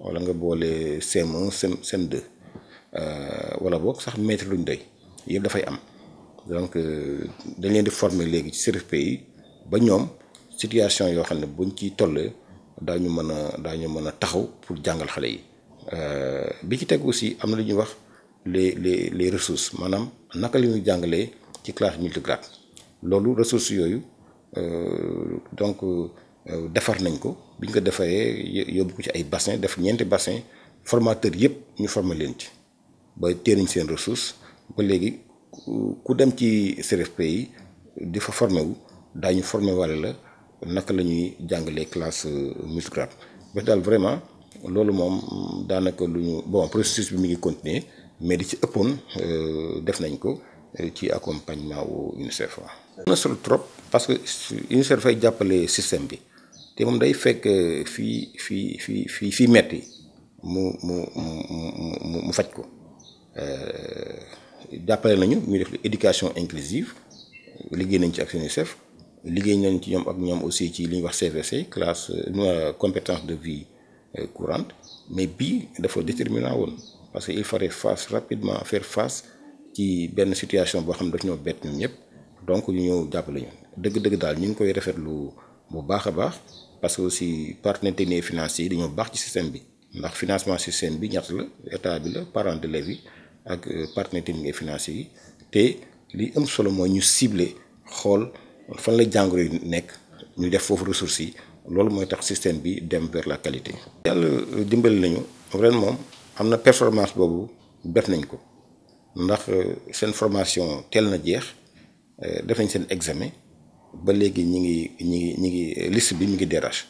wala nga boole sem sem sem de euh, wala bok sax maître luñ doy yeb da fay am donc euh, dañ leen di former légui ci serif pays ba ñom situation yo xamne buñ ci tollé dañu mëna dañu mëna taxaw pour jangal xalé yi euh bi ci tegg aussi amna li wax les les les ressources manam naka li ñu jangalé ci classe multigrade lolu ressources yoyu euh donc euh, Euh, defar nañ ko biñ ko defaree yóbbu ko ci ay bassin def ñeenti bassin formateur yépp ñu former leen ci ba téye seen ressource ba léegi ku dem ci CRFP yi di fa formé wu daañu formé wala la naka la ñuy jàngalee classe euh, multigrade ba daal vraiment loolu moom daanaka lu ñu bon processus bi mi ngi continuer mais di ci ëppoon euh, def nañ ko ci accompagnement wu UNICEF. am na solo trop parce que UNICEF dafay jàppale système bi té mom day fekk euh, fi fi fi fi fii metti mu mu mu mu mu ko euh jàppale nañu ñu def éducation inclusive liggéey nañ ci ak UNICEF liggéey nañ ci ñom ak ñom aussi ci li wax CVC classe euh, compétence de vie euh, courante mais bi dafa déterminant won parce que il fallait face rapidement faire face ci ben situation bo xam ne ñoo bét ñun ñëpp donc ñu ñëw jàppale ñu dëgg-dëgg daal ñu ngi koy rafetlu bu baax a baax parce que aussi partenaires financier financiers yi dañoo baax ci système bi ndax financement système bi ñett la état bi la de d'élèves yi ak euh, partenaires et financiers yi te li am solo mooy ñu cibler xool fan la jàngoro yi nekk ñu def foofu ressources yi loolu mooy tax système bi dem vers la qualité. yàlla euh, dimbali nañu ren moom am na performance boobu def nañ ko ndax euh, seen formation teel na jeex def nañ seen examen. ba léegi ñi ngi ñi ngi ñi ngi liste bi mi ngi dérache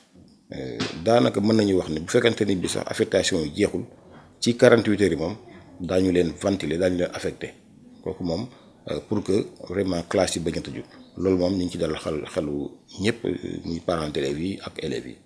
euh, daanaka mën nañu wax ne bu fekkante ni bi sax affectation yi jeexul ci 48 heures yi moom daañu leen ventiler daañu leen affecté kooku moom euh, pour que vraiment classe yi bañ a tëju loolu moom ñu ngi ci dalal xel xelu ñëpp ñu euh, parents d'élèves yi ak élèves yi.